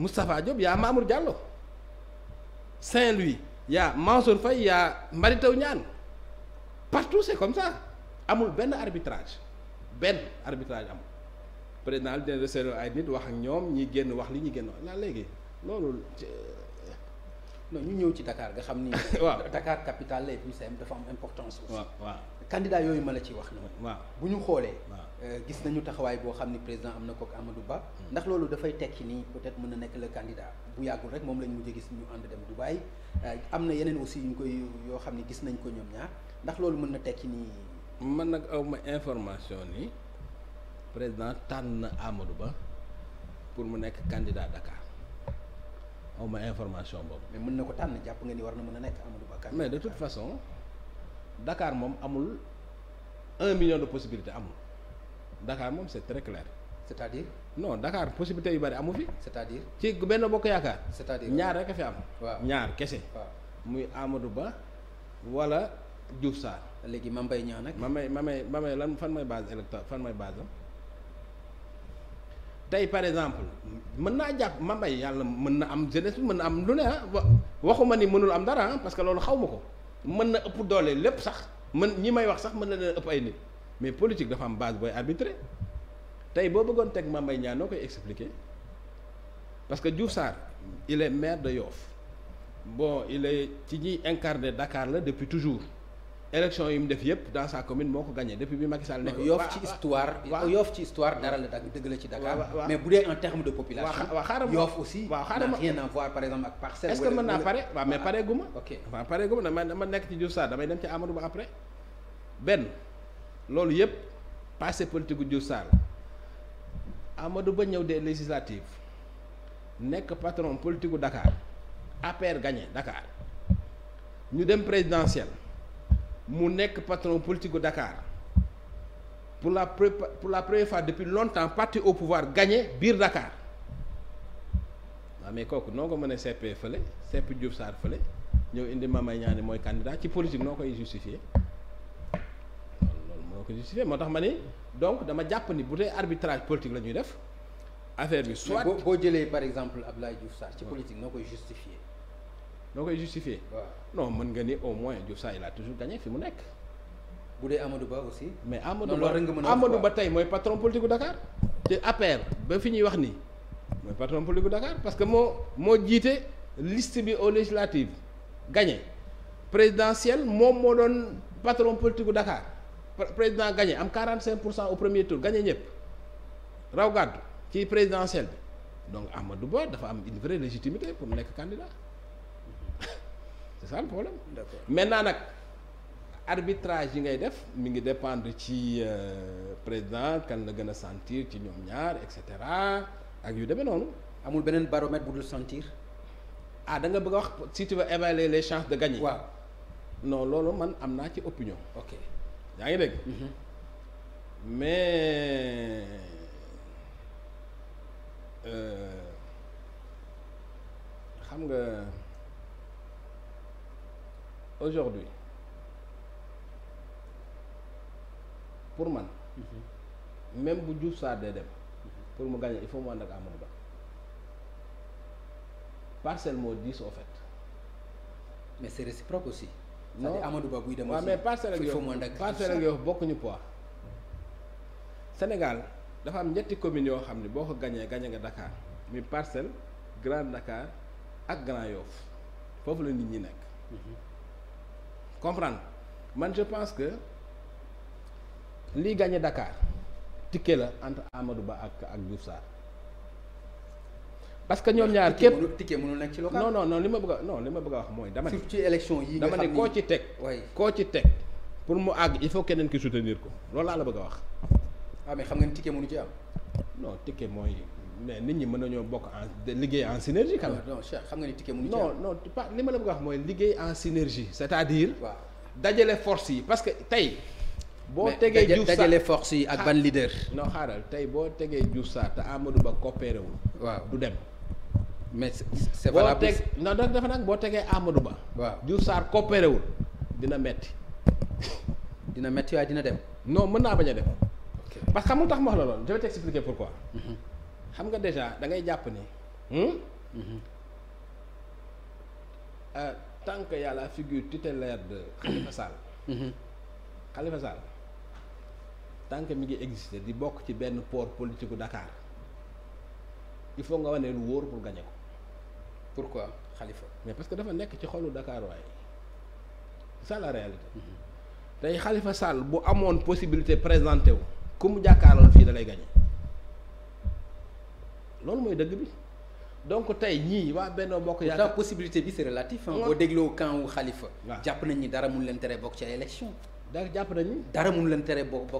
Moustapha Diop yaa Mamour Diallo Saint-Louis yaa Mansour Faye yaa Mary Teuw Niane partout c'est comme ça amul benn arbitrage benn arbitrage amul président bi dina resero ay nit wax ak ñoom ñi génn wax li ñuy génn wax la léegi loolu non ñu ñëw ci Dakar nga xam ni. dakaar capital capitale la et puis c'est dafa am importance aussi. waaw waaw yooyu ma la ci wax na waaw bu ñu xoolee. Euh, gis nañu taxawaay boo xam ni président am na ko ak Ba. Hmm. ndax loolu dafay tekki ni peut-être mën na nekk le candidat bu yàggul rek moom lañ mujj gis ñu ànd dem Dubaï euh, am na yeneen aussi ñu koy yoo xam ni gis nañ ko ñoom ñaar ndax loolu mën na tekki ni. man nag awma information ni président tànn na Amadou Ba pour mu nekk candidat Dakar. aw ma information boobu. mais mën na ko tànn jàpp nga ni war na mën a nekk Amadou Ba. mais de toute moom amul un million de possibilité amul dakaar moom c'est très clair. c'est-à-dire. non Dakar possibilité yu bari amul fi. c'est-à-dire ci benn bokk yaakaar. cest à ñaar rek a fi am. waaw ñaar kese. muy Amadou Ba wala Diouf Sarr. léegi ma mbay Niang nag. ma may Mame lan fan mooy base électorale fan mooy base am. tey par exemple mën naa jàpp ma mbay yàlla mën na am jeunesse bi mën na am lu ne ah waxuma ni mënul am dara ah, parce que loolu xaw ma ko mën na ëpp doole lépp sax mën ñi may wax sax mën na leen ëpp ay nit mais politique dafa am base booy arbitré tey boo bëggoon teg Mame Mbaye Niang noo koy expliquer parce que Diouf Sarr il maire de Yoff bon il ci ñuy incarné dakaar la depuis toujours élection yi mu def yëpp dans sa commune moo ko gagné depuis bi Macky Sall nekk. yoof ci histoire yoof ci histoire dara la dëgg la ci Dakar. mais bu dee de population. waaw xaaral yoof aussi. ma rien à voir par exemple ak parcelle. est-ce que mën naa pare waaw mais pare gu ma. ok waaw gu ma dama nekk ci Diouf Sarr damay dem ci Amadou Ba après. benn loolu yëpp passé politique gu Diouf Sarr Amadou Ba ñëw des législatives nekk patron politique gu Dakar APR gagné Dakar ñu dem présidentielle. mu nekk patron politique gu Dakar pour la pré pour la première fois depuis longtemps parti au pouvoir gagné biir Dakar waaw mais kooku noo ko mën a seppee fële sepp Diouf Sarr fële ñëw indi Mame Mbaye Niang mooy candidat ci politique noo koy justifier loolu moo ko justifier moo tax ma ni donc dama jàpp ni bu dee arbitrage politique la ñuy def affaire bi soit boo jëlee par exemple Abdoulaye Diouf Sarr ci politique noo koy justifier noo koy justifier non mën nga ni au moins Diouf Sarr il a toujours gagné fi mu nekk. bu dee Amadou Ba aussi. mais Amadou Ba Amadou Ba tey mooy patron politique gu Dakar. te APR ba fi ñuy wax nii mooy patron politique gu Dakar parce que moo moo jiite liste bi aux législatives gagné présidentielle moom moo doon patron politique gu Dakar président gagné am 45 pour cent au premier tour gagné ñëpp raw gàddu ci présidentielle bi donc Amadou Ba dafa am une vraie légitimité pour nekk candidat. c'est ça le problème. d'accord maintenant nag arbitrage yi ngay def mi ngi dépendre ci euh, président kan la gën a sentir ci ñoom ñaar et cetera ak yu demee noonu. amul beneen baromètre bu dul sentir. ah da nga bëgg a wax si tu veux évaluer les chances de gagner. waaw non loolu man am naa ci opinion. ok yaa ngi dégg. Mhm. mais euh, xam nga. aujourd'hui pour man mhm. même bu Diouf Sarr dee dem mhm. pour mu gagner il faut mu ànd ak Ba parcelle moo diis au fait mais c'est réciproque aussi c'est-à-dire Amadou Ba buy dem aussi mais parcelle ak yow parcelle ak yow bokkuñu poids Sénégal dafa am ñetti communes yoo xam ne boo ko gañee gañe nga Dakar mi parcelle Grand Dakar ak Grand Yoff foofu la nit ñi nekk mhm. comprendre man je pense que lii gagné Dakar ticket la entre Amadou Ba ak ak Diouf Sarr parce que ñoom ñaar képp ticket mënul nekk ci li ma bëgg a non li ma bëgg a wax mooy. dama ne ci élection yi dama ne koo ci teg. koo ci teg pour mu àgg il faut keneen ki soutenir ko loolu laa la bëgg a wax. ah mais xam nga ni ticket mënu ci am. non tikke mooy. mais nit ñi mën nañoo bokk en liggéey en synergie. quand même non xam nga ni ticket mënu ci non non pas li ma la bëgg a wax mooy liggéey en synergie. c'est-à-dire. waaw dajale force yi parce que tey. boo tegee Diouf Sarr dajale force ak ban leader. non xaaral tey boo tegee Diouf Sarr te Amadou Ba coopéré wul. waaw du dem. mais c'est valable boo teg non dafa nag boo tegee Amadou Ba. waaw Diouf Sarr coopéré dina metti dina metti waaye dina dem. non mën naa bañ a dem. parce que xam nga tax ma wax la loolu je vais t'expliquer pourquoi. Mm-hmm. xam nga déjà da ngay jàpp ni hmm? mhm. euh, tant que y a la figure tutélaire de Khalifa Sall mhm. Khalifa Sall tant mi ngi exister di bokk ci benn port politique dakaar il faut nga wane lu wóor pour gagner ko pourquoi xalifa mais parce que dafa nekk ci xolu Dakar waaye c'est ça la réalité mhm. tey Khalifa Sall bu amoon possibilité présenté wu ku mu jàkkaarloo fii da lay loolu mooy dëgg bi donc tey ñii waa Benno Bokk Yaakaar possibilité bi c'est relatif boo dégloo camp wu Khalifa jàpp nañ ñi dara mun leen tere bokk ci ay élection da jàpp nañ ni dara mun leen tere bokk